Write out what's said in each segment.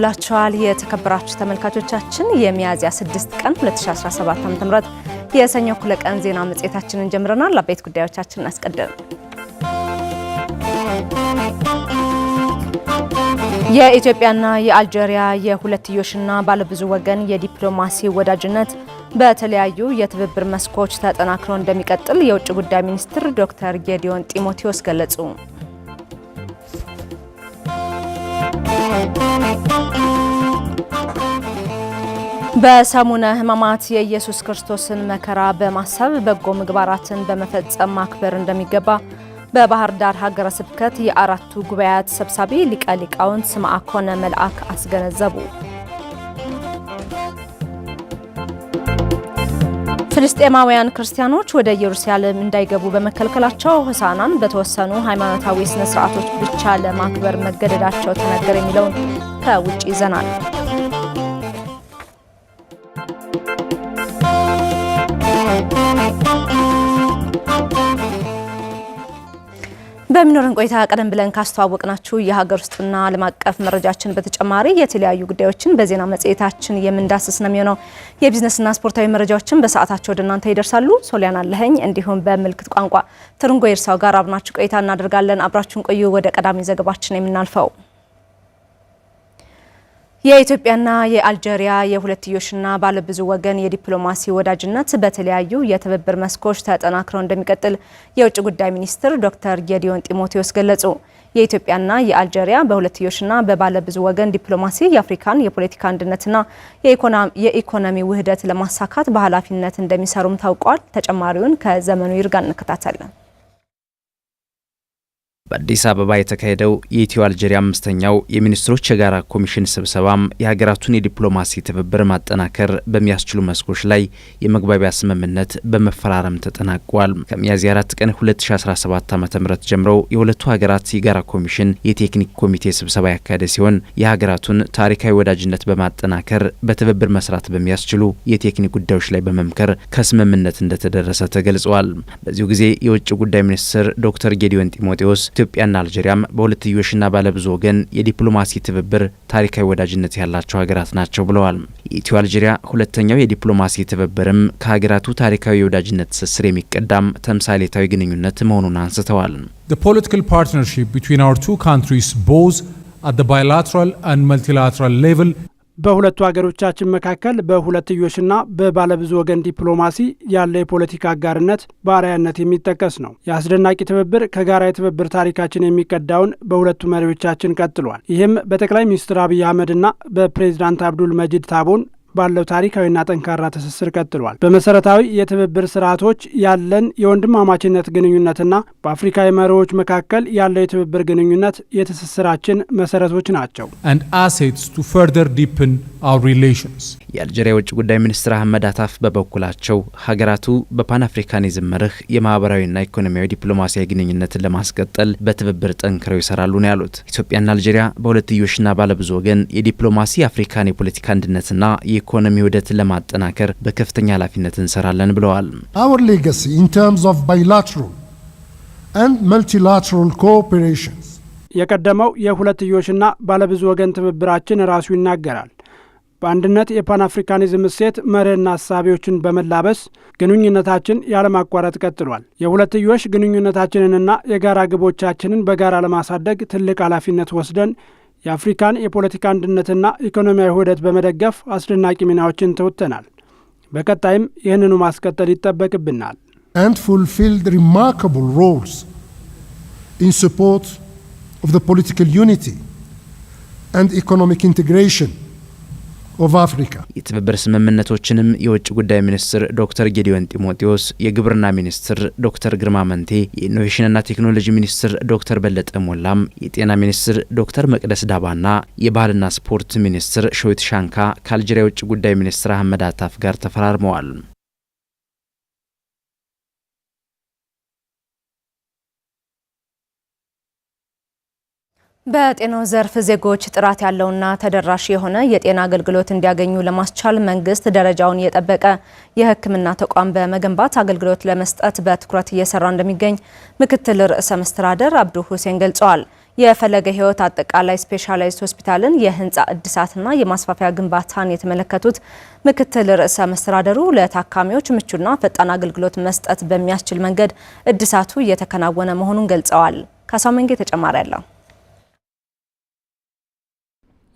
እንደምንውላችኋል የተከበራችሁ ተመልካቾቻችን የሚያዝያ 6 ቀን 2017 ዓ.ም የሰኞ እኩለ ቀን ዜና መጽሔታችንን ጀምረናል። አበይት ጉዳዮቻችንን አስቀድመን የኢትዮጵያና የአልጄሪያ የሁለትዮሽና ባለብዙ ወገን የዲፕሎማሲ ወዳጅነት በተለያዩ የትብብር መስኮች ተጠናክሮ እንደሚቀጥል የውጭ ጉዳይ ሚኒስትር ዶክተር ጌዲዮን ጢሞቴዎስ ገለጹ። በሰሙነ ሕማማት የኢየሱስ ክርስቶስን መከራ በማሰብ በጎ ምግባራትን በመፈጸም ማክበር እንደሚገባ በባህር ዳር ሀገረ ስብከት የአራቱ ጉባኤያት ሰብሳቢ ሊቀ ሊቃውንት ስምዐኮነ መልአክ አስገነዘቡ። ፍልስጤማውያን ክርስቲያኖች ወደ ኢየሩሳሌም እንዳይገቡ በመከልከላቸው ሆሳዕናን በተወሰኑ ሃይማኖታዊ ስነ ስርዓቶች ብቻ ለማክበር መገደዳቸው ተነገር የሚለውን ከውጭ ይዘናል። በሚኖረን ቆይታ ቀደም ብለን ካስተዋወቅናችሁ የሀገር ውስጥና ዓለም አቀፍ መረጃችን በተጨማሪ የተለያዩ ጉዳዮችን በዜና መጽሔታችን የምንዳስስ ነው የሚሆነው። የቢዝነስና ስፖርታዊ መረጃዎችን በሰዓታቸው ወደ እናንተ ይደርሳሉ። ሶሊያና አለኸኝ እንዲሁም በምልክት ቋንቋ ትርንጎ የእርሳው ጋር አብናችሁ ቆይታ እናደርጋለን። አብራችሁን ቆዩ። ወደ ቀዳሚ ዘገባችን የምናልፈው የኢትዮጵያና የአልጄሪያ የሁለትዮሽና ባለብዙ ወገን የዲፕሎማሲ ወዳጅነት በተለያዩ የትብብር መስኮች ተጠናክረው እንደሚቀጥል የውጭ ጉዳይ ሚኒስትር ዶክተር ጌዲዮን ጢሞቴዎስ ገለጹ። የኢትዮጵያና የአልጄሪያ በሁለትዮሽና በባለብዙ ወገን ዲፕሎማሲ የአፍሪካን የፖለቲካ አንድነትና የኢኮኖሚ ውህደት ለማሳካት በኃላፊነት እንደሚሰሩም ታውቋል። ተጨማሪውን ከዘመኑ ይርጋ እንከታተለን። በአዲስ አበባ የተካሄደው የኢትዮ አልጄሪያ አምስተኛው የሚኒስትሮች የጋራ ኮሚሽን ስብሰባም የሀገራቱን የዲፕሎማሲ ትብብር ማጠናከር በሚያስችሉ መስኮች ላይ የመግባቢያ ስምምነት በመፈራረም ተጠናቋል። ከሚያዝያ 4 ቀን 2017 ዓ ም ጀምሮ የሁለቱ ሀገራት የጋራ ኮሚሽን የቴክኒክ ኮሚቴ ስብሰባ ያካሄደ ሲሆን የሀገራቱን ታሪካዊ ወዳጅነት በማጠናከር በትብብር መስራት በሚያስችሉ የቴክኒክ ጉዳዮች ላይ በመምከር ከስምምነት እንደተደረሰ ተገልጿል። በዚሁ ጊዜ የውጭ ጉዳይ ሚኒስትር ዶክተር ጌዲዮን ጢሞቴዎስ ኢትዮጵያና አልጄሪያም በሁለትዮሽና ባለብዙ ወገን የዲፕሎማሲ ትብብር ታሪካዊ ወዳጅነት ያላቸው ሀገራት ናቸው ብለዋል። የኢትዮ አልጄሪያ ሁለተኛው የዲፕሎማሲ ትብብርም ከሀገራቱ ታሪካዊ የወዳጅነት ትስስር የሚቀዳም ተምሳሌታዊ ግንኙነት መሆኑን አንስተዋል። ፖለቲካል ቢትን ቢትዊን አወር ቱ ካንትሪስ ቦዝ አት ባይላትራል አንድ መልቲላትራል ሌቭል በሁለቱ ሀገሮቻችን መካከል በሁለትዮሽና በባለብዙ ወገን ዲፕሎማሲ ያለ የፖለቲካ አጋርነት በአርአያነት የሚጠቀስ ነው። የአስደናቂ ትብብር ከጋራ የትብብር ታሪካችን የሚቀዳውን በሁለቱ መሪዎቻችን ቀጥሏል። ይህም በጠቅላይ ሚኒስትር አብይ አህመድና በፕሬዚዳንት አብዱል መጂድ ታቦን ባለው ታሪካዊና ጠንካራ ትስስር ቀጥሏል። በመሰረታዊ የትብብር ስርዓቶች ያለን የወንድማማችነት ግንኙነትና በአፍሪካ መሪዎች መካከል ያለው የትብብር ግንኙነት የትስስራችን መሰረቶች ናቸው። የአልጀሪያ የውጭ ጉዳይ ሚኒስትር አህመድ አታፍ በበኩላቸው ሀገራቱ በፓን አፍሪካኒዝም መርህ የማህበራዊና ኢኮኖሚያዊ ዲፕሎማሲያዊ ግንኙነትን ለማስቀጠል በትብብር ጠንክረው ይሰራሉ ነው ያሉት። ኢትዮጵያና አልጄሪያ በሁለትዮሽና ባለብዙ ወገን የዲፕሎማሲ አፍሪካን የፖለቲካ አንድነትና የኢኮኖሚ ውህደትን ለማጠናከር በከፍተኛ ኃላፊነት እንሰራለን ብለዋል። አወር ሌጋሲ ኢን ተርምስ ኦፍ ባይላትራል ኤንድ መልቲላትራል ኮኦፕሬሽንስ የቀደመው የሁለትዮሽና ባለብዙ ወገን ትብብራችን ራሱ ይናገራል። በአንድነት የፓን አፍሪካኒዝም እሴት መርህና ሀሳቢዎችን በመላበስ ግንኙነታችን ያለማቋረጥ ቀጥሏል። የሁለትዮሽ ግንኙነታችንንና የጋራ ግቦቻችንን በጋራ ለማሳደግ ትልቅ ኃላፊነት ወስደን የአፍሪካን የፖለቲካ አንድነትና ኢኮኖሚያዊ ውህደት በመደገፍ አስደናቂ ሚናዎችን ተወጥተናል። በቀጣይም ይህንኑ ማስቀጠል ይጠበቅብናል። and fulfilled remarkable roles in support of the political unity and economic integration ኦፍ አፍሪካ የትብብር ስምምነቶችንም የውጭ ጉዳይ ሚኒስትር ዶክተር ጌዲዮን ጢሞቴዎስ፣ የግብርና ሚኒስትር ዶክተር ግርማ መንቴ፣ የኢኖቬሽንና ቴክኖሎጂ ሚኒስትር ዶክተር በለጠ ሞላም፣ የጤና ሚኒስትር ዶክተር መቅደስ ዳባና የባህልና ስፖርት ሚኒስትር ሾይት ሻንካ ከአልጄሪያ የውጭ ጉዳይ ሚኒስትር አህመድ አታፍ ጋር ተፈራርመዋል። በጤናው ዘርፍ ዜጎች ጥራት ያለውና ተደራሽ የሆነ የጤና አገልግሎት እንዲያገኙ ለማስቻል መንግስት ደረጃውን የጠበቀ የሕክምና ተቋም በመገንባት አገልግሎት ለመስጠት በትኩረት እየሰራ እንደሚገኝ ምክትል ርዕሰ መስተዳደር አብዱ ሁሴን ገልጸዋል። የፈለገ ሕይወት አጠቃላይ ስፔሻላይዝድ ሆስፒታልን የህንፃ እድሳትና የማስፋፊያ ግንባታን የተመለከቱት ምክትል ርዕሰ መስተዳደሩ ለታካሚዎች ምቹና ፈጣን አገልግሎት መስጠት በሚያስችል መንገድ እድሳቱ እየተከናወነ መሆኑን ገልጸዋል። ካሳው መንጌ ተጨማሪ ያለው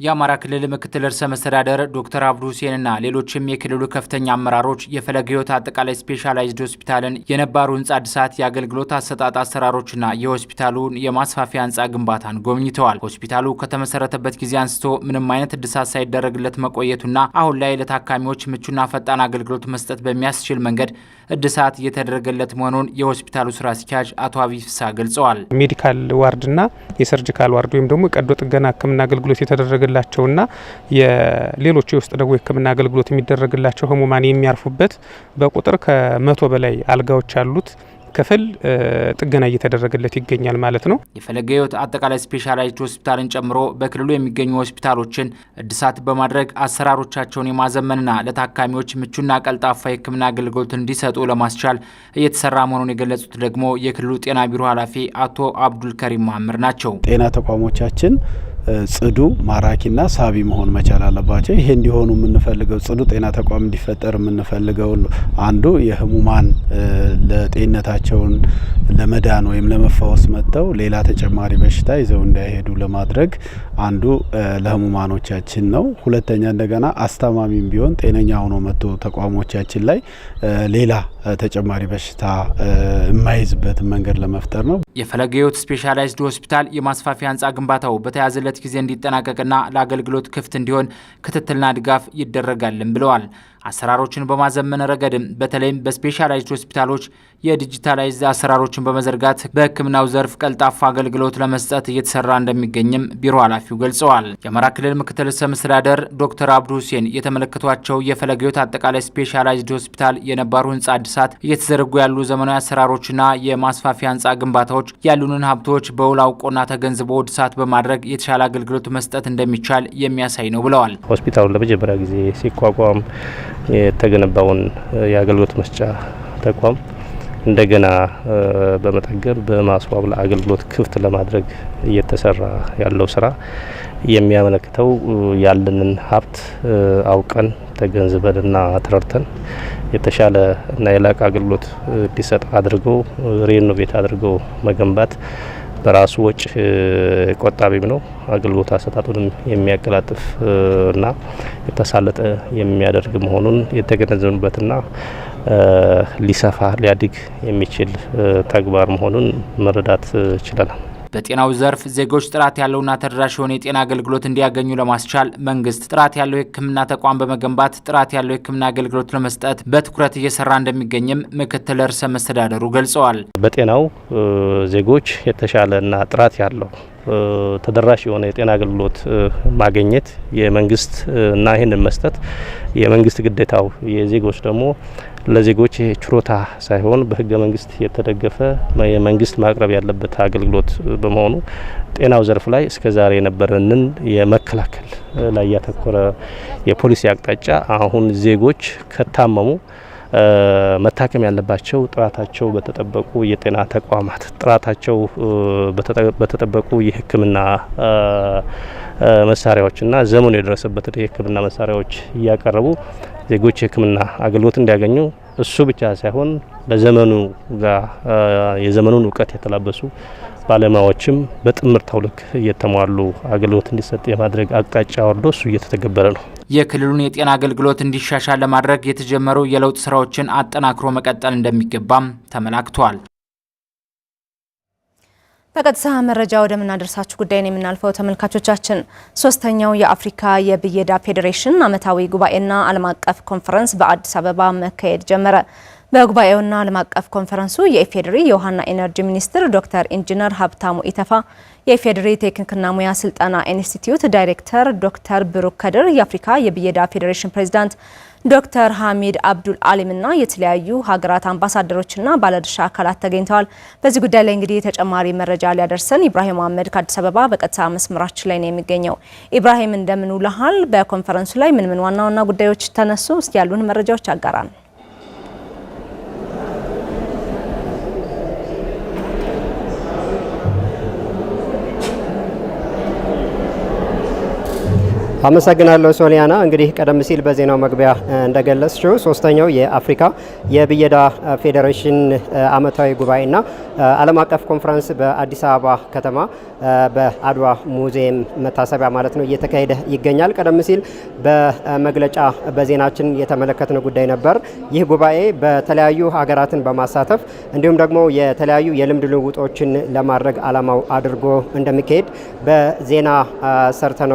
የአማራ ክልል ምክትል ርዕሰ መስተዳደር ዶክተር አብዱ ሁሴንና ሌሎችም የክልሉ ከፍተኛ አመራሮች የፈለገ ሕይወት አጠቃላይ ስፔሻላይዝድ ሆስፒታልን የነባሩ ህንፃ እድሳት፣ የአገልግሎት አሰጣጥ አሰራሮችና የሆስፒታሉን የማስፋፊያ ህንፃ ግንባታን ጎብኝተዋል። ሆስፒታሉ ከተመሰረተበት ጊዜ አንስቶ ምንም አይነት እድሳት ሳይደረግለት መቆየቱና አሁን ላይ ለታካሚዎች ምቹና ፈጣን አገልግሎት መስጠት በሚያስችል መንገድ እድሳት እየተደረገለት መሆኑን የሆስፒታሉ ስራ አስኪያጅ አቶ አብይ ፍሳ ገልጸዋል። ሜዲካል ዋርድና የሰርጂካል ዋርድ ወይም ደግሞ ቀዶ ጥገና ህክምና አገልግሎት የተደረገ የሚደረግላቸውና የሌሎች የውስጥ ደግሞ የህክምና አገልግሎት የሚደረግላቸው ህሙማን የሚያርፉበት በቁጥር ከመቶ በላይ አልጋዎች ያሉት ክፍል ጥገና እየተደረገለት ይገኛል ማለት ነው። የፈለገ ህይወት አጠቃላይ ስፔሻላይዝድ ሆስፒታልን ጨምሮ በክልሉ የሚገኙ ሆስፒታሎችን እድሳት በማድረግ አሰራሮቻቸውን የማዘመንና ለታካሚዎች ምቹና ቀልጣፋ የህክምና አገልግሎት እንዲሰጡ ለማስቻል እየተሰራ መሆኑን የገለጹት ደግሞ የክልሉ ጤና ቢሮ ኃላፊ አቶ አብዱል ከሪም ማምር ናቸው። ጤና ተቋሞቻችን ጽዱ ማራኪና ሳቢ መሆን መቻል አለባቸው። ይሄ እንዲሆኑ የምንፈልገው ጽዱ ጤና ተቋም እንዲፈጠር የምንፈልገው አንዱ የህሙማን ለጤንነታቸውን ለመዳን ወይም ለመፈወስ መጥተው ሌላ ተጨማሪ በሽታ ይዘው እንዳይሄዱ ለማድረግ አንዱ ለህሙማኖቻችን ነው። ሁለተኛ እንደገና አስታማሚም ቢሆን ጤነኛ ሆኖ መጥቶ ተቋሞቻችን ላይ ሌላ ተጨማሪ በሽታ የማይዝበትን መንገድ ለመፍጠር ነው። የፈለገ ስፔሻላይዝድ ሆስፒታል የማስፋፊያ ህንፃ ግንባታው በተያዘለት በሚገኝበት ጊዜ እንዲጠናቀቅና ለአገልግሎት ክፍት እንዲሆን ክትትልና ድጋፍ ይደረጋልን ብለዋል። አሰራሮችን በማዘመን ረገድም በተለይም በስፔሻላይዝድ ሆስፒታሎች የዲጂታላይዝ አሰራሮችን በመዘርጋት በሕክምናው ዘርፍ ቀልጣፋ አገልግሎት ለመስጠት እየተሰራ እንደሚገኝም ቢሮ ኃላፊው ገልጸዋል። የአማራ ክልል ምክትል ርዕሰ መስተዳደር ዶክተር አብዱ ሁሴን የተመለከቷቸው የፈለገ ሕይወት አጠቃላይ ስፔሻላይዝድ ሆስፒታል የነባሩ ህንፃ አድሳት፣ እየተዘረጉ ያሉ ዘመናዊ አሰራሮችና የማስፋፊያ ህንፃ ግንባታዎች ያሉንን ሀብቶች በውል አውቆና ተገንዝቦ እድሳት በማድረግ የተሻለ አገልግሎት መስጠት እንደሚቻል የሚያሳይ ነው ብለዋል። ሆስፒታሉ ለመጀመሪያ ጊዜ ሲቋቋም የተገነባውን የአገልግሎት መስጫ ተቋም እንደገና በመጠገብ በማስዋብ ለአገልግሎት ክፍት ለማድረግ እየተሰራ ያለው ስራ የሚያመለክተው ያለንን ሀብት አውቀን ተገንዝበንና ተረድተን የተሻለ እና የላቀ አገልግሎት እንዲሰጥ አድርጎ ሬኖቬት አድርጎ መገንባት በራሱ ወጪ ቆጣቢም ነው። አገልግሎት አሰጣጡንም የሚያቀላጥፍ እና የተሳለጠ የሚያደርግ መሆኑን ና ሊሰፋ ሊያድግ የሚችል ተግባር መሆኑን መረዳት ችለናል። በጤናው ዘርፍ ዜጎች ጥራት ያለውና ተደራሽ የሆነ የጤና አገልግሎት እንዲያገኙ ለማስቻል መንግስት ጥራት ያለው የሕክምና ተቋም በመገንባት ጥራት ያለው የሕክምና አገልግሎት ለመስጠት በትኩረት እየሰራ እንደሚገኝም ምክትል ርዕሰ መስተዳደሩ ገልጸዋል። በጤናው ዜጎች የተሻለና ጥራት ያለው ተደራሽ የሆነ የጤና አገልግሎት ማግኘት የመንግስት እና ይህንን መስጠት የመንግስት ግዴታው የዜጎች ደግሞ ለዜጎች ችሮታ ሳይሆን በህገ መንግስት የተደገፈ የመንግስት ማቅረብ ያለበት አገልግሎት በመሆኑ ጤናው ዘርፍ ላይ እስከዛሬ የነበረንን የመከላከል ላይ ያተኮረ የፖሊሲ አቅጣጫ አሁን ዜጎች ከታመሙ መታከም ያለባቸው ጥራታቸው በተጠበቁ የጤና ተቋማት ጥራታቸው በተጠበቁ የሕክምና መሳሪያዎችና ዘመኑ የደረሰበትን የሕክምና መሳሪያዎች እያቀረቡ ዜጎች የሕክምና አገልግሎት እንዲያገኙ እሱ ብቻ ሳይሆን በዘመኑ ጋር የዘመኑን እውቀት የተላበሱ ባለሙያዎችም በጥምር ተውልክ እየተሟሉ አገልግሎት እንዲሰጥ የማድረግ አቅጣጫ ወርዶ እሱ እየተተገበረ ነው። የክልሉን የጤና አገልግሎት እንዲሻሻል ለማድረግ የተጀመሩ የለውጥ ስራዎችን አጠናክሮ መቀጠል እንደሚገባም ተመላክቷል። በቀጥታ መረጃ ወደምናደርሳችሁ ጉዳይ ነው የምናልፈው ተመልካቾቻችን። ሶስተኛው የአፍሪካ የብየዳ ፌዴሬሽን ዓመታዊ ጉባኤና ዓለም አቀፍ ኮንፈረንስ በአዲስ አበባ መካሄድ ጀመረ። በጉባኤውና ዓለም አቀፍ ኮንፈረንሱ የኢፌዴሪ የውሃና ኤነርጂ ሚኒስትር ዶክተር ኢንጂነር ሀብታሙ ኢተፋ፣ የኢፌዴሪ ቴክኒክና ሙያ ስልጠና ኢንስቲትዩት ዳይሬክተር ዶክተር ብሩክ ከድር፣ የአፍሪካ የብየዳ ፌዴሬሽን ፕሬዚዳንት ዶክተር ሀሚድ አብዱል አሊምና የተለያዩ ሀገራት አምባሳደሮችና ባለድርሻ አካላት ተገኝተዋል። በዚህ ጉዳይ ላይ እንግዲህ ተጨማሪ መረጃ ሊያደርሰን ኢብራሂም መሀመድ ከአዲስ አበባ በቀጥታ መስመራችን ላይ ነው የሚገኘው። ኢብራሂም እንደምን ውለሃል? በኮንፈረንሱ ላይ ምን ምን ዋና ዋና ጉዳዮች ተነሱ? እስቲ ያሉን መረጃዎች አጋራን። አመሰግናለሁ ሶሊያና። እንግዲህ ቀደም ሲል በዜናው መግቢያ እንደገለጽሽው ሶስተኛው የአፍሪካ የብየዳ ፌዴሬሽን አመታዊ ጉባኤና ዓለም አቀፍ ኮንፈረንስ በአዲስ አበባ ከተማ በአድዋ ሙዚየም መታሰቢያ ማለት ነው እየተካሄደ ይገኛል። ቀደም ሲል በመግለጫ በዜናችን የተመለከትነው ጉዳይ ነበር። ይህ ጉባኤ በተለያዩ ሀገራትን በማሳተፍ እንዲሁም ደግሞ የተለያዩ የልምድ ልውጦችን ለማድረግ ዓላማው አድርጎ እንደሚካሄድ በዜና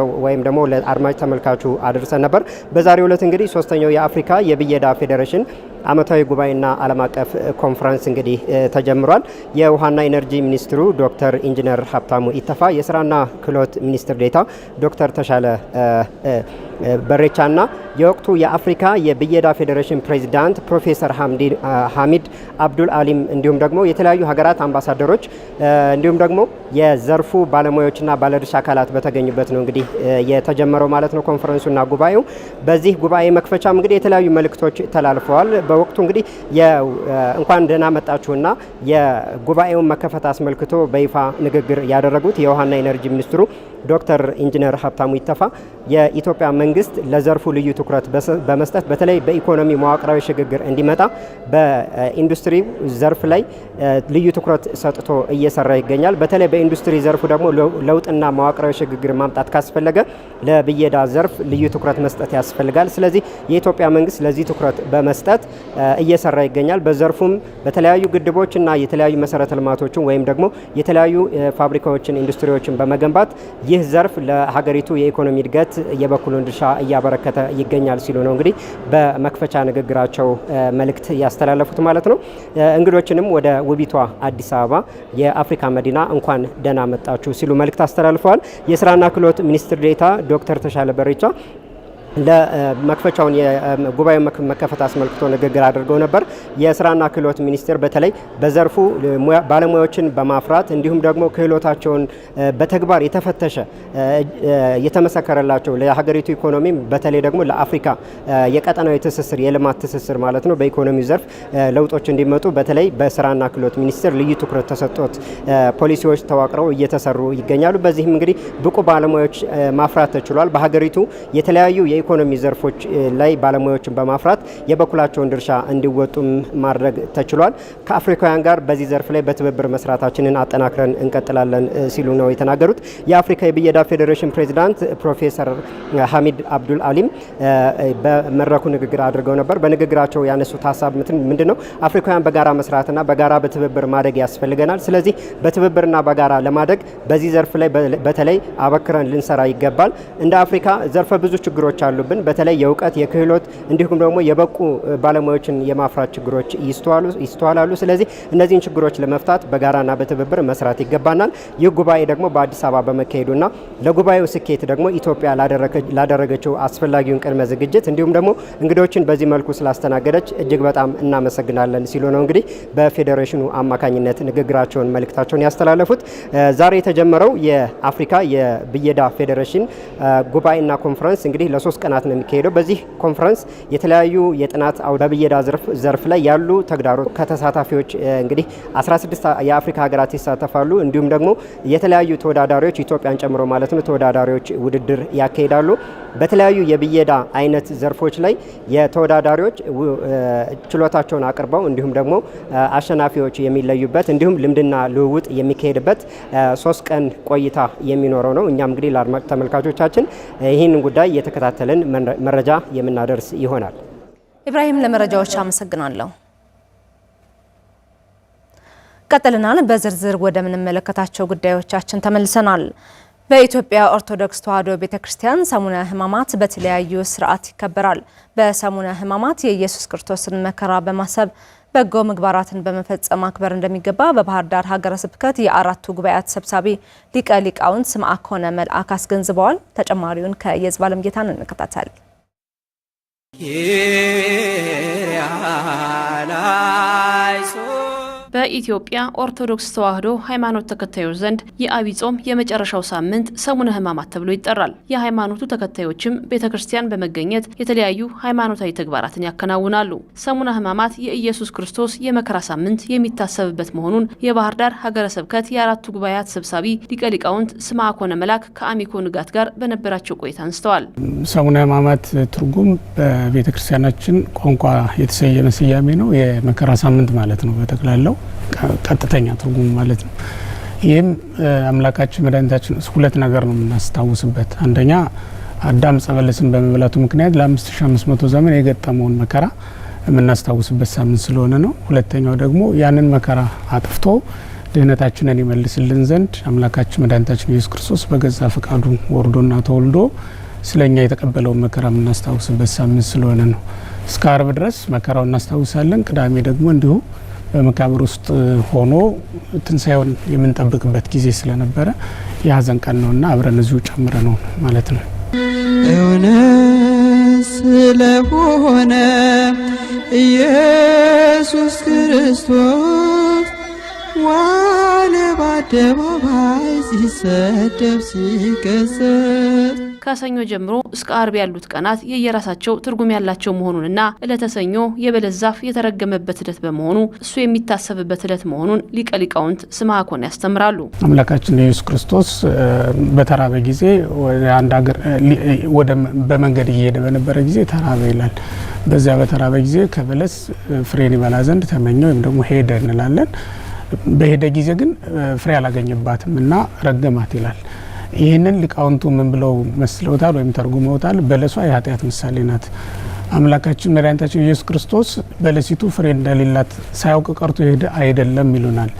ነው ወይም ደግሞ ለአድማጭ ተመልካቹ አድርሰን ነበር። በዛሬው ዕለት እንግዲህ ሶስተኛው የአፍሪካ የብየዳ ፌዴሬሽን አመታዊ ጉባኤና ዓለም አቀፍ ኮንፈረንስ እንግዲህ ተጀምሯል። የውሃና ኢነርጂ ሚኒስትሩ ዶክተር ኢንጂነር ሀብታሙ ኢተፋ፣ የስራና ክህሎት ሚኒስትር ዴታ ዶክተር ተሻለ በሬቻና የወቅቱ የአፍሪካ የብየዳ ፌዴሬሽን ፕሬዚዳንት ፕሮፌሰር ሀሚድ አብዱል አሊም እንዲሁም ደግሞ የተለያዩ ሀገራት አምባሳደሮች እንዲሁም ደግሞ የዘርፉ ባለሙያዎችና ባለድርሻ አካላት በተገኙበት ነው እንግዲህ የተጀመረው ማለት ነው ኮንፈረንሱና ጉባኤው። በዚህ ጉባኤ መክፈቻም እንግዲህ የተለያዩ መልእክቶች ተላልፈዋል። በወቅቱ እንግዲህ እንኳን ደህና መጣችሁና የጉባኤውን መከፈት አስመልክቶ በይፋ ንግግር ያደረጉት የውሃና ኢነርጂ ሚኒስትሩ ዶክተር ኢንጂነር ሀብታሙ ይተፋ የኢትዮጵያ መንግስት ለዘርፉ ልዩ ትኩረት በመስጠት በተለይ በኢኮኖሚ መዋቅራዊ ሽግግር እንዲመጣ በኢንዱስትሪ ዘርፍ ላይ ልዩ ትኩረት ሰጥቶ እየሰራ ይገኛል። በተለይ በኢንዱስትሪ ዘርፉ ደግሞ ለውጥና መዋቅራዊ ሽግግር ማምጣት ካስፈለገ ለብየዳ ዘርፍ ልዩ ትኩረት መስጠት ያስፈልጋል። ስለዚህ የኢትዮጵያ መንግስት ለዚህ ትኩረት በመስጠት እየሰራ ይገኛል። በዘርፉም በተለያዩ ግድቦች እና የተለያዩ መሰረተ ልማቶችን ወይም ደግሞ የተለያዩ ፋብሪካዎችን፣ ኢንዱስትሪዎችን በመገንባት ይህ ዘርፍ ለሀገሪቱ የኢኮኖሚ እድገት የበኩሉን ድርሻ ድርሻ እያበረከተ ይገኛል ሲሉ ነው እንግዲህ በመክፈቻ ንግግራቸው መልእክት ያስተላለፉት ማለት ነው። እንግዶችንም ወደ ውቢቷ አዲስ አበባ የአፍሪካ መዲና እንኳን ደህና መጣችሁ ሲሉ መልእክት አስተላልፈዋል። የስራና ክህሎት ሚኒስትር ዴታ ዶክተር ተሻለ በሬቻ ለመክፈቻውን የጉባኤ መከፈት አስመልክቶ ንግግር አድርገው ነበር። የስራና ክህሎት ሚኒስቴር በተለይ በዘርፉ ባለሙያዎችን በማፍራት እንዲሁም ደግሞ ክህሎታቸውን በተግባር የተፈተሸ የተመሰከረላቸው ለሀገሪቱ ኢኮኖሚ በተለይ ደግሞ ለአፍሪካ የቀጠናዊ ትስስር የልማት ትስስር ማለት ነው በኢኮኖሚው ዘርፍ ለውጦች እንዲመጡ በተለይ በስራና ክህሎት ሚኒስቴር ልዩ ትኩረት ተሰጥቶት ፖሊሲዎች ተዋቅረው እየተሰሩ ይገኛሉ። በዚህም እንግዲህ ብቁ ባለሙያዎች ማፍራት ተችሏል። በሀገሪቱ የተለያዩ የኢኮኖሚ ዘርፎች ላይ ባለሙያዎችን በማፍራት የበኩላቸውን ድርሻ እንዲወጡም ማድረግ ተችሏል። ከአፍሪካውያን ጋር በዚህ ዘርፍ ላይ በትብብር መስራታችንን አጠናክረን እንቀጥላለን ሲሉ ነው የተናገሩት። የአፍሪካ የብየዳ ፌዴሬሽን ፕሬዚዳንት ፕሮፌሰር ሀሚድ አብዱል አሊም በመድረኩ ንግግር አድርገው ነበር። በንግግራቸው ያነሱት ሀሳብ ምንድን ነው? አፍሪካውያን በጋራ መስራትና በጋራ በትብብር ማደግ ያስፈልገናል። ስለዚህ በትብብርና በጋራ ለማደግ በዚህ ዘርፍ ላይ በተለይ አበክረን ልንሰራ ይገባል። እንደ አፍሪካ ዘርፈ ብዙ ችግሮች አሉብን። በተለይ የእውቀት የክህሎት እንዲሁም ደግሞ የበቁ ባለሙያዎችን የማፍራት ችግሮች ይስተዋላሉ። ስለዚህ እነዚህን ችግሮች ለመፍታት በጋራና በትብብር መስራት ይገባናል። ይህ ጉባኤ ደግሞ በአዲስ አበባ በመካሄዱና ለጉባኤው ስኬት ደግሞ ኢትዮጵያ ላደረገችው አስፈላጊውን ቅድመ ዝግጅት እንዲሁም ደግሞ እንግዶችን በዚህ መልኩ ስላስተናገደች እጅግ በጣም እናመሰግናለን ሲሉ ነው እንግዲህ በፌዴሬሽኑ አማካኝነት ንግግራቸውን መልእክታቸውን ያስተላለፉት። ዛሬ የተጀመረው የአፍሪካ የብየዳ ፌዴሬሽን ጉባኤና ኮንፈረንስ እንግዲህ ለሶስት ቀናት ነው የሚካሄደው። በዚህ ኮንፈረንስ የተለያዩ የጥናት በብየዳ ዘርፍ ላይ ያሉ ተግዳሮት ከተሳታፊዎች እንግዲህ 16 የአፍሪካ ሀገራት ይሳተፋሉ። እንዲሁም ደግሞ የተለያዩ ተወዳዳሪዎች ኢትዮጵያን ጨምሮ ማለት ነው ተወዳዳሪዎች ውድድር ያካሂዳሉ። በተለያዩ የብየዳ አይነት ዘርፎች ላይ የተወዳዳሪዎች ችሎታቸውን አቅርበው እንዲሁም ደግሞ አሸናፊዎች የሚለዩበት እንዲሁም ልምድና ልውውጥ የሚካሄድበት ሶስት ቀን ቆይታ የሚኖረው ነው። እኛም እንግዲህ ለአድማጭ ተመልካቾቻችን ይህንን ጉዳይ እየተከታተልን መረጃ የምናደርስ ይሆናል። ኢብራሂም ለመረጃዎች አመሰግናለሁ። ቀጥለናል። በዝርዝር ወደምንመለከታቸው ጉዳዮቻችን ተመልሰናል። በኢትዮጵያ ኦርቶዶክስ ተዋሕዶ ቤተ ክርስቲያን ሰሙነ ሕማማት በተለያዩ ስርዓት ይከበራል። በሰሙነ ሕማማት የኢየሱስ ክርስቶስን መከራ በማሰብ በጎ ምግባራትን በመፈጸም ማክበር እንደሚገባ በባህር ዳር ሀገረ ስብከት የአራቱ ጉባኤያት ሰብሳቢ ሊቀ ሊቃውንት ስምዐኮነ መልአክ አስገንዝበዋል። ተጨማሪውን ከየዝብ አለምጌታን እንከታተል። በኢትዮጵያ ኦርቶዶክስ ተዋሕዶ ሃይማኖት ተከታዮች ዘንድ የዐቢይ ጾም የመጨረሻው ሳምንት ሰሙነ ሕማማት ተብሎ ይጠራል። የሃይማኖቱ ተከታዮችም ቤተ ክርስቲያን በመገኘት የተለያዩ ሃይማኖታዊ ተግባራትን ያከናውናሉ። ሰሙነ ሕማማት የኢየሱስ ክርስቶስ የመከራ ሳምንት የሚታሰብበት መሆኑን የባህር ዳር ሀገረ ስብከት የአራቱ ጉባኤያት ሰብሳቢ ሊቀ ሊቃውንት መላክ ከአሚኮ ንጋት ጋር በነበራቸው ቆይታ አንስተዋል። ሰሙነ ሕማማት ትርጉም በቤተ ክርስቲያናችን ቋንቋ የተሰየመ ስያሜ ነው። የመከራ ሳምንት ማለት ነው በጠቅላላው ቀጥተኛ ትርጉሙ ማለት ነው። ይህም አምላካችን መድኃኒታችን ሁለት ነገር ነው የምናስታውስበት። አንደኛ አዳም ጸበለስን በመብላቱ ምክንያት ለ5500 ዘመን የገጠመውን መከራ የምናስታውስበት ሳምንት ስለሆነ ነው። ሁለተኛው ደግሞ ያንን መከራ አጥፍቶ ድህነታችንን ይመልስልን ዘንድ አምላካችን መድኃኒታችን ኢየሱስ ክርስቶስ በገዛ ፈቃዱ ወርዶና ተወልዶ ስለ እኛ የተቀበለውን መከራ የምናስታውስበት ሳምንት ስለሆነ ነው። እስከ አርብ ድረስ መከራው እናስታውሳለን። ቅዳሜ ደግሞ እንዲሁ በመቃብር ውስጥ ሆኖ ትንሳኤውን የምንጠብቅበት ጊዜ ስለነበረ የሀዘን ቀን ነውና አብረን እዚሁ ጨምረ ነው ማለት ነው። እውነ ስለሆነ ኢየሱስ ክርስቶስ ዋለ በአደባባይ ሲሰደብ ከሰኞ ጀምሮ እስከ አርብ ያሉት ቀናት የየራሳቸው ትርጉም ያላቸው መሆኑንና ዕለተ ሰኞ የበለስ ዛፍ የተረገመበት ዕለት በመሆኑ እሱ የሚታሰብበት ዕለት መሆኑን ሊቀ ሊቃውንት ስምዐኮን ያስተምራሉ። አምላካችን ኢየሱስ ክርስቶስ በተራበ ጊዜ አንድ ሀገር በመንገድ እየሄደ በነበረ ጊዜ ተራበ ይላል። በዚያ በተራበ ጊዜ ከበለስ ፍሬን ይበላ ዘንድ ተመኘ ወይም ደግሞ ሄደ እንላለን። በሄደ ጊዜ ግን ፍሬ አላገኘባትም እና ረገማት ይላል። ይህንን ሊቃውንቱ ምን ብለው መስለውታል ወይም ተርጉመውታል? በለሷ የኃጢአት ምሳሌ ናት። አምላካችን መድኃኒታችን ኢየሱስ ክርስቶስ በለሲቱ ፍሬ እንደሌላት ሳያውቅ ቀርቶ ሄደ አይደለም ይሉናል።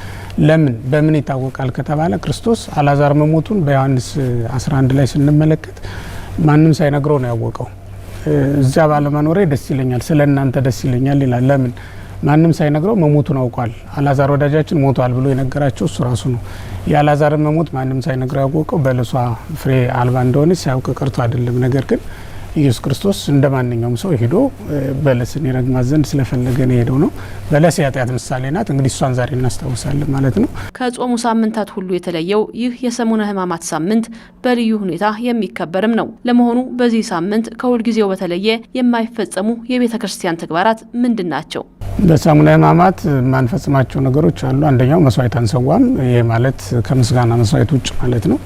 ለምን በምን ይታወቃል ከተባለ ክርስቶስ አላዛር መሞቱን በዮሐንስ 11 ላይ ስንመለከት ማንም ሳይነግረው ነው ያወቀው። እዚያ ባለመኖሬ ደስ ይለኛል፣ ስለ እናንተ ደስ ይለኛል ይላል። ለምን ማንም ሳይነግረው መሞቱን አውቋል። አላዛር ወዳጃችን ሞቷል ብሎ የነገራቸው እሱ ራሱ ነው። የአላዛርን መሞት ማንም ሳይነግረው ያወቀው በለሷ ፍሬ አልባ እንደሆነ ሳያውቅ ቀርቶ አይደለም። ነገር ግን ኢየሱስ ክርስቶስ እንደ ማንኛውም ሰው ሄዶ በለስን ይረግማት ዘንድ ስለፈለገ ነው የሄደው ነው። በለስ የኃጢአት ምሳሌ ናት። እንግዲህ እሷን ዛሬ እናስታውሳለን ማለት ነው። ከጾሙ ሳምንታት ሁሉ የተለየው ይህ የሰሙነ ሕማማት ሳምንት በልዩ ሁኔታ የሚከበርም ነው። ለመሆኑ በዚህ ሳምንት ከሁልጊዜው በተለየ የማይፈጸሙ የቤተ ክርስቲያን ተግባራት ምንድን ናቸው? በሰሙነ ሕማማት ማንፈጽማቸው ነገሮች አሉ። አንደኛው መስዋዕት አንሰዋም። ይህ ማለት ከምስጋና መስዋዕት ውጭ ማለት ነው።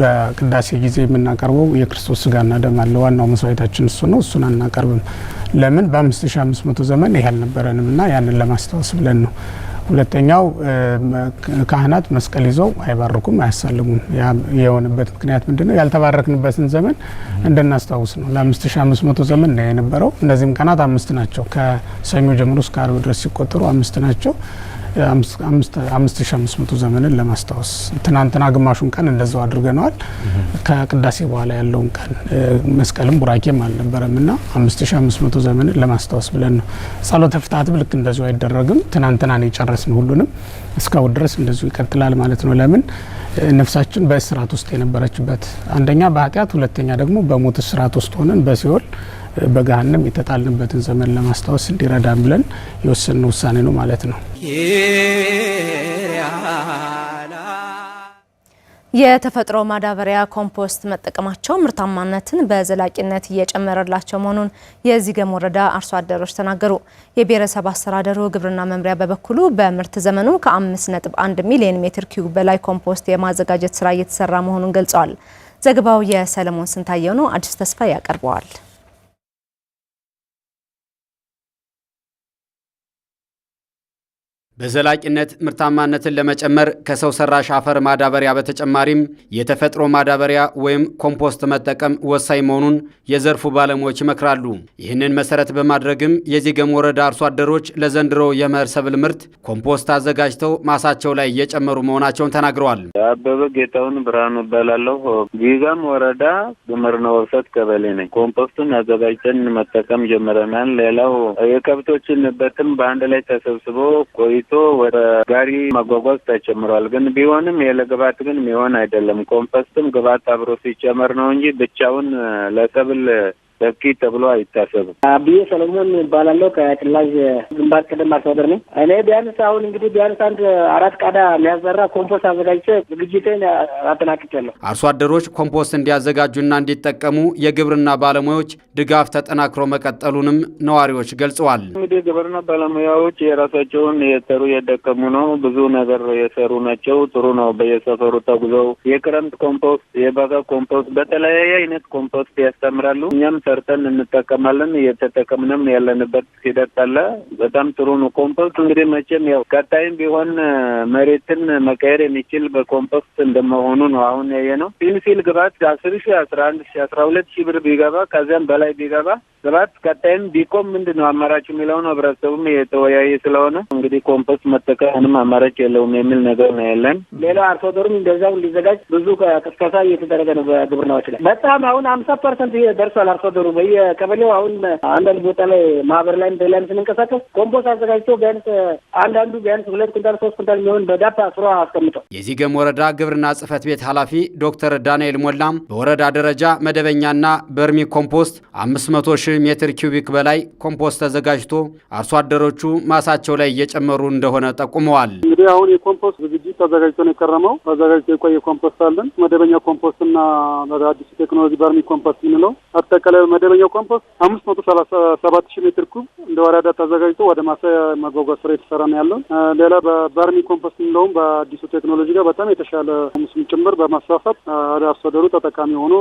በቅዳሴ ጊዜ የምናቀርበው የክርስቶስ ስጋና ደም አለ። ዋናው መስዋዕታችን እሱ ነው። እሱን አናቀርብም። ለምን? በ5500 ዘመን ይህ አልነበረንም እና ያንን ለማስታወስ ብለን ነው። ሁለተኛው ካህናት መስቀል ይዘው አይባርኩም፣ አያሳልሙም። የሆነበት ምክንያት ምንድን ነው? ያልተባረክንበትን ዘመን እንድናስታውስ ነው። ለ5500 ዘመን ነው የነበረው። እነዚህም ቀናት አምስት ናቸው። ከሰኞ ጀምሮ እስከ አርብ ድረስ ሲቆጠሩ አምስት ናቸው። 5500 መቶ ዘመንን ለማስታወስ ትናንትና ግማሹን ቀን እንደዛው አድርገነዋል። ከቅዳሴ በኋላ ያለውን ቀን መስቀልም ቡራኬም አልነበረም እና 5500 ዘመንን ለማስታወስ ብለን ነው። ጸሎተ ፍታት ልክ እንደዚሁ አይደረግም። ትናንትና ነው የጨረስን። ሁሉንም እስካሁን ድረስ እንደዚሁ ይቀጥላል ማለት ነው። ለምን ነፍሳችን በእስራት ውስጥ የነበረችበት አንደኛ በኃጢአት ሁለተኛ ደግሞ በሞት እስራት ውስጥ ሆነን በሲኦል በገሃነም የተጣልንበትን ዘመን ለማስታወስ እንዲረዳን ብለን የወሰንነው ውሳኔ ነው ማለት ነው። የተፈጥሮ ማዳበሪያ ኮምፖስት መጠቀማቸው ምርታማነትን በዘላቂነት እየጨመረላቸው መሆኑን የዚገም ወረዳ አርሶ አደሮች ተናገሩ። የብሔረሰብ አስተዳደሩ ግብርና መምሪያ በበኩሉ በምርት ዘመኑ ከ5.1 ሚሊዮን ሜትር ኪዩብ በላይ ኮምፖስት የማዘጋጀት ስራ እየተሰራ መሆኑን ገልጸዋል። ዘገባው የሰለሞን ስንታየው ነው። አዲስ ተስፋ ያቀርበዋል። በዘላቂነት ምርታማነትን ለመጨመር ከሰው ሰራሽ አፈር ማዳበሪያ በተጨማሪም የተፈጥሮ ማዳበሪያ ወይም ኮምፖስት መጠቀም ወሳኝ መሆኑን የዘርፉ ባለሙያዎች ይመክራሉ። ይህንን መሰረት በማድረግም የዜገም ወረዳ አርሶ አደሮች ለዘንድሮ የመኸር ሰብል ምርት ኮምፖስት አዘጋጅተው ማሳቸው ላይ እየጨመሩ መሆናቸውን ተናግረዋል። አበበ ጌታውን ብርሃኑ እባላለሁ። ዚገም ወረዳ ግምርነ ወብሰት ቀበሌ ነኝ። ኮምፖስቱን አዘጋጅተን መጠቀም ጀምረናል። ሌላው የከብቶችን በትም በአንድ ላይ ተሰብስቦ ቆይ ተለይቶ ወደ ጋሪ ማጓጓዝ ተጨምሯል። ግን ቢሆንም ግባት ግን የሚሆን አይደለም። ኮምፐስትም ግባት አብሮ ሲጨመር ነው እንጂ ብቻውን ለሰብል በቂ ተብሎ አይታሰብም። አብዬ ሰለሞን ይባላለሁ። ከጭላዥ ግንባር ቀደም አርሶአደር ነኝ። እኔ ቢያንስ አሁን እንግዲህ ቢያንስ አንድ አራት ቃዳ የሚያዘራ ኮምፖስት አዘጋጅቼ ዝግጅቴን አጠናቅቄያለሁ። አርሶ አደሮች ኮምፖስት እንዲያዘጋጁና እንዲጠቀሙ የግብርና ባለሙያዎች ድጋፍ ተጠናክሮ መቀጠሉንም ነዋሪዎች ገልጸዋል። እንግዲህ የግብርና ባለሙያዎች የራሳቸውን የሰሩ የደከሙ ነው፣ ብዙ ነገር የሰሩ ናቸው። ጥሩ ነው። በየሰፈሩ ተጉዘው የክረምት ኮምፖስት፣ የበጋ ኮምፖስት፣ በተለያየ አይነት ኮምፖስት ያስተምራሉ እኛም ሰርተን እንጠቀማለን። እየተጠቀምንም ያለንበት ሂደት አለ። በጣም ጥሩ ነው። ኮምፖስት እንግዲህ መቼም ያው ቀጣይም ቢሆን መሬትን መቀየር የሚችል በኮምፖስት እንደመሆኑ ነው አሁን ያየ ነው። ፊልፊል ግባት አስር ሺ አስራ አንድ ሺ አስራ ሁለት ሺ ብር ቢገባ ከዚያም በላይ ቢገባ ግባት ቀጣይም ቢቆም ምንድን ነው አማራጭ የሚለውን ህብረተሰቡም የተወያየ ስለሆነ እንግዲህ ኮምፖስት መጠቀም አማራጭ የለውም የሚል ነገር ነው ያለን። ሌላ አርሶ አደሩም እንደዛው እንዲዘጋጅ ብዙ ቅስቀሳ እየተደረገ ነው። በግብርናዎች ላይ በጣም አሁን አምሳ ፐርሰንት ደርሷል አርሶ ነበሩ። በየቀበሌው አሁን አንዳንድ ቦታ ላይ ማህበር ላይ ላይም ስንንቀሳቀስ ኮምፖስ አዘጋጅቶ ቢያንስ አንዳንዱ ቢያንስ ሁለት ኩንታል ሶስት ኩንታል የሚሆን በዳፓ ስሮ አስቀምጧል። የዚገም ወረዳ ግብርና ጽሕፈት ቤት ኃላፊ ዶክተር ዳንኤል ሞላም በወረዳ ደረጃ መደበኛና በርሚ ኮምፖስት አምስት መቶ ሺህ ሜትር ኪዩቢክ በላይ ኮምፖስት ተዘጋጅቶ አርሶ አደሮቹ ማሳቸው ላይ እየጨመሩ እንደሆነ ጠቁመዋል። እንግዲህ አሁን የኮምፖስት ዝግጅት ተዘጋጅቶ ነው የከረመው። ተዘጋጅቶ የቆየ ኮምፖስት አለን። መደበኛ ኮምፖስት ኮምፖስትና አዲሱ ቴክኖሎጂ በርሚ ኮምፖስት የምንለው አጠቃላይ መደበኛው ኮምፖስት አምስት መቶ ሰላሳ ሰባት ሺህ ሜትር ኩብ እንደ ወረዳ ተዘጋጅቶ ወደ ማሳያ ማጓጓዝ ስራ የተሰራ ነው ያለው። ሌላ በበርሚ ኮምፖስት እንደውም በአዲሱ ቴክኖሎጂ ጋር በጣም የተሻለ ሙስሊም ጭምር በማስፋፋት አርሶ አደሩ ተጠቃሚ ሆኖ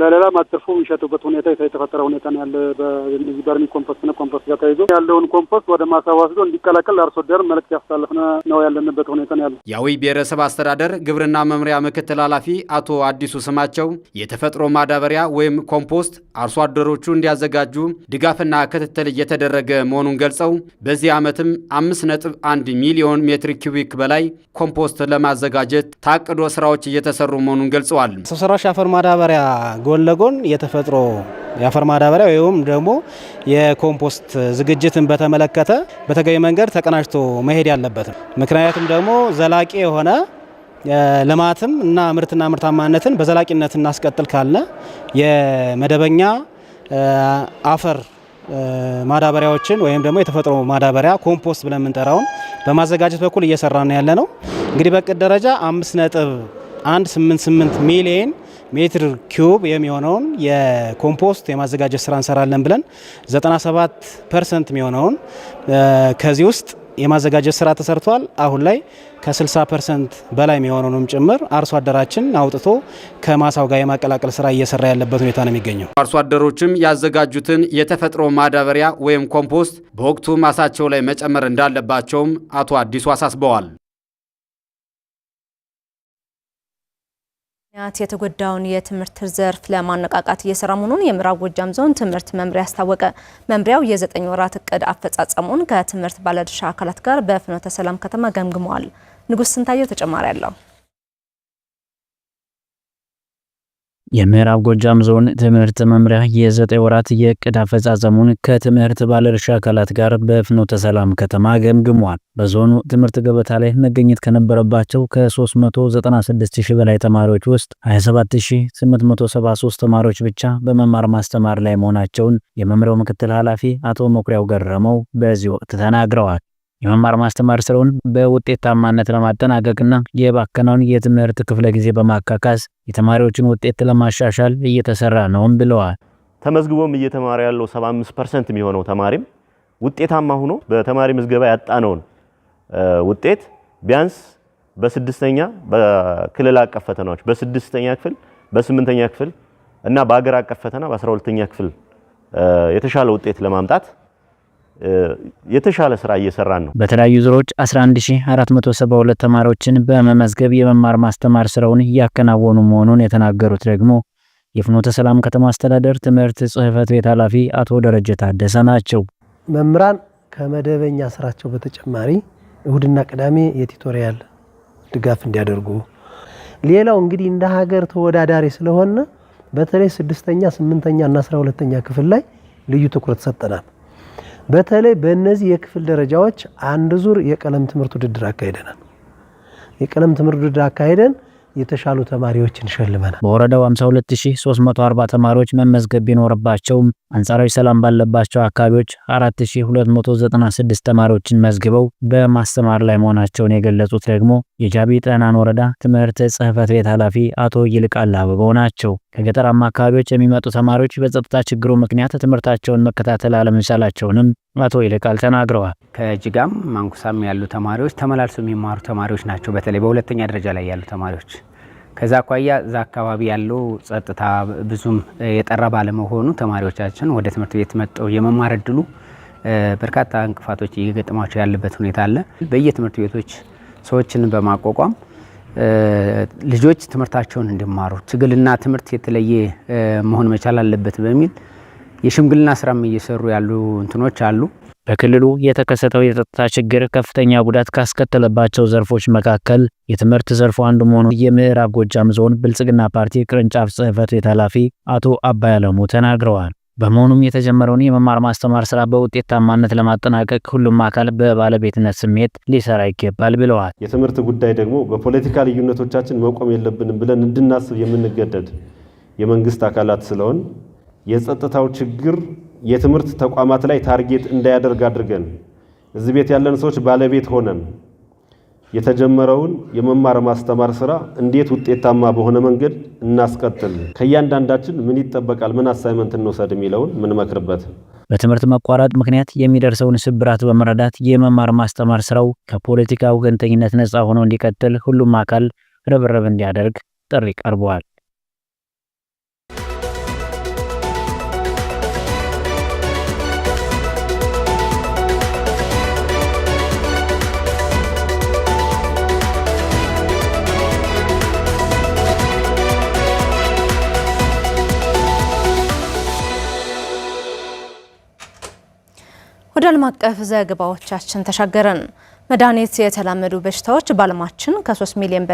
ለሌላ ማትርፎ የሚሸጡበት ሁኔታ የተፈጠረ ሁኔታ ነው ያለ። በዚህ በርሚ ኮምፖስት ነ ኮምፖስት ጋር ተይዞ ያለውን ኮምፖስት ወደ ማሳ ወስዶ እንዲቀላቀል ለአርሶ አደር መልዕክት ያስተላለፍነ ነው ያለንበት ሁኔታ ነው ያለ። የአዊ ብሔረሰብ አስተዳደር ግብርና መምሪያ ምክትል ኃላፊ አቶ አዲሱ ስማቸው የተፈጥሮ ማዳበሪያ ወይም ኮምፖስት አርሶ አደሮቹ እንዲያዘጋጁ ድጋፍና ክትትል እየተደረገ መሆኑን ገልጸው በዚህ ዓመትም 5.1 ሚሊዮን ሜትር ኪዩቢክ በላይ ኮምፖስት ለማዘጋጀት ታቅዶ ስራዎች እየተሰሩ መሆኑን ገልጸዋል። ሰው ሰራሽ የአፈር ማዳበሪያ ጎን ለጎን የተፈጥሮ የአፈር ማዳበሪያ ወይም ደግሞ የኮምፖስት ዝግጅትን በተመለከተ በተገቢ መንገድ ተቀናጅቶ መሄድ ያለበት ምክንያቱም ደግሞ ዘላቂ የሆነ ልማትም እና ምርትና ምርታማነትን በዘላቂነት እናስቀጥል ካለ የመደበኛ አፈር ማዳበሪያዎችን ወይም ደግሞ የተፈጥሮ ማዳበሪያ ኮምፖስት ብለን የምንጠራውን በማዘጋጀት በኩል እየሰራ ያለ ነው። እንግዲህ በቅድ ደረጃ 5.188 ሚሊዮን ሜትር ኪዩብ የሚሆነውን የኮምፖስት የማዘጋጀት ስራ እንሰራለን ብለን 97 ፐርሰንት የሚሆነውን ከዚህ ውስጥ የማዘጋጀት ስራ ተሰርቷል። አሁን ላይ ከ60 ፐርሰንት በላይ የሚሆነውንም ጭምር አርሶ አደራችን አውጥቶ ከማሳው ጋር የማቀላቀል ስራ እየሰራ ያለበት ሁኔታ ነው የሚገኘው። አርሶ አደሮችም ያዘጋጁትን የተፈጥሮ ማዳበሪያ ወይም ኮምፖስት በወቅቱ ማሳቸው ላይ መጨመር እንዳለባቸውም አቶ አዲሱ አሳስበዋል። ምክንያት የተጎዳውን የትምህርት ዘርፍ ለማነቃቃት እየሰራ መሆኑን የምዕራብ ጎጃም ዞን ትምህርት መምሪያ አስታወቀ። መምሪያው የዘጠኝ ወራት እቅድ አፈጻጸሙን ከትምህርት ባለድርሻ አካላት ጋር በፍኖተ ሰላም ከተማ ገምግመዋል። ንጉሥ ስንታየው ተጨማሪ አለው። የምዕራብ ጎጃም ዞን ትምህርት መምሪያ የዘጠኝ ወራት የእቅድ አፈጻጸሙን ከትምህርት ባለድርሻ አካላት ጋር በፍኖተ ሰላም ከተማ ገምግሟል። በዞኑ ትምህርት ገበታ ላይ መገኘት ከነበረባቸው ከ396 ሺህ በላይ ተማሪዎች ውስጥ 27873 ተማሪዎች ብቻ በመማር ማስተማር ላይ መሆናቸውን የመምሪያው ምክትል ኃላፊ አቶ መኩሪያው ገረመው በዚህ ወቅት ተናግረዋል። የመማር ማስተማር ስራውን በውጤታማነት ለማጠናቀቅና የባከናውን የትምህርት ክፍለ ጊዜ በማካካስ የተማሪዎችን ውጤት ለማሻሻል እየተሰራ ነውም ብለዋል። ተመዝግቦም እየተማረ ያለው 75 ፐርሰንት የሚሆነው ተማሪም ውጤታማ ሆኖ በተማሪ ምዝገባ ያጣነውን ውጤት ቢያንስ በስድስተኛ በክልል አቀፍ ፈተናዎች በስድስተኛ ክፍል በስምንተኛ ክፍል እና በአገር አቀፍ ፈተና በአስራ ሁለተኛ ክፍል የተሻለ ውጤት ለማምጣት የተሻለ ስራ እየሰራን ነው። በተለያዩ ዙሮች 11472 ተማሪዎችን በመመዝገብ የመማር ማስተማር ስራውን እያከናወኑ መሆኑን የተናገሩት ደግሞ የፍኖተ ሰላም ከተማ አስተዳደር ትምህርት ጽህፈት ቤት ኃላፊ አቶ ደረጀ ታደሰ ናቸው። መምህራን ከመደበኛ ስራቸው በተጨማሪ እሁድና ቅዳሜ የቲቶሪያል ድጋፍ እንዲያደርጉ፣ ሌላው እንግዲህ እንደ ሀገር ተወዳዳሪ ስለሆነ በተለይ ስድስተኛ ስምንተኛ እና አስራ ሁለተኛ ክፍል ላይ ልዩ ትኩረት ሰጠናል። በተለይ በእነዚህ የክፍል ደረጃዎች አንድ ዙር የቀለም ትምህርት ውድድር አካሂደናል። የቀለም ትምህርት ውድድር አካሂደን የተሻሉ ተማሪዎችን ሸልመናል። በወረዳው 52340 ተማሪዎች መመዝገብ ቢኖርባቸውም አንጻራዊ ሰላም ባለባቸው አካባቢዎች 4296 ተማሪዎችን መዝግበው በማስተማር ላይ መሆናቸውን የገለጹት ደግሞ የጃቢ ጠህናን ወረዳ ትምህርት ጽህፈት ቤት ኃላፊ አቶ ይልቃል አበበው ናቸው። ከገጠራማ አካባቢዎች የሚመጡ ተማሪዎች በጸጥታ ችግሩ ምክንያት ትምህርታቸውን መከታተል አለመቻላቸውንም አቶ ይልቃል ተናግረዋል። ከጅጋም ማንኩሳም ያሉ ተማሪዎች ተመላልሶ የሚማሩ ተማሪዎች ናቸው። በተለይ በሁለተኛ ደረጃ ላይ ያሉ ተማሪዎች ከዛ አኳያ እዛ አካባቢ ያለው ጸጥታ ብዙም የጠራ ባለመሆኑ ተማሪዎቻችን ወደ ትምህርት ቤት መጠው የመማር እድሉ በርካታ እንቅፋቶች እየገጠማቸው ያለበት ሁኔታ አለ። በየትምህርት ቤቶች ሰዎችን በማቋቋም ልጆች ትምህርታቸውን እንዲማሩ ትግልና ትምህርት የተለየ መሆን መቻል አለበት በሚል የሽምግልና ስራም እየሰሩ ያሉ እንትኖች አሉ። በክልሉ የተከሰተው የጸጥታ ችግር ከፍተኛ ጉዳት ካስከተለባቸው ዘርፎች መካከል የትምህርት ዘርፉ አንዱ መሆኑ የምዕራብ ጎጃም ዞን ብልጽግና ፓርቲ ቅርንጫፍ ጽህፈት ቤት ኃላፊ አቶ አባይ አለሙ ተናግረዋል። በመሆኑም የተጀመረውን የመማር ማስተማር ስራ በውጤታማነት ለማጠናቀቅ ሁሉም አካል በባለቤትነት ስሜት ሊሰራ ይገባል ብለዋል። የትምህርት ጉዳይ ደግሞ በፖለቲካ ልዩነቶቻችን መቆም የለብንም ብለን እንድናስብ የምንገደድ የመንግስት አካላት ስለሆን የጸጥታው ችግር የትምህርት ተቋማት ላይ ታርጌት እንዳያደርግ አድርገን እዚህ ቤት ያለን ሰዎች ባለቤት ሆነን የተጀመረውን የመማር ማስተማር ስራ እንዴት ውጤታማ በሆነ መንገድ እናስቀጥል፣ ከእያንዳንዳችን ምን ይጠበቃል፣ ምን አሳይመንት እንወሰድ የሚለውን ምንመክርበት። በትምህርት መቋረጥ ምክንያት የሚደርሰውን ስብራት በመረዳት የመማር ማስተማር ስራው ከፖለቲካ ወገንተኝነት ነፃ ሆኖ እንዲቀጥል ሁሉም አካል ርብርብ እንዲያደርግ ጥሪ ቀርበዋል። ወደ ዓለም አቀፍ ዘገባዎቻችን ተሻገረን መድኃኒት የተላመዱ በሽታዎች በዓለማችን ከ3 ሚሊዮን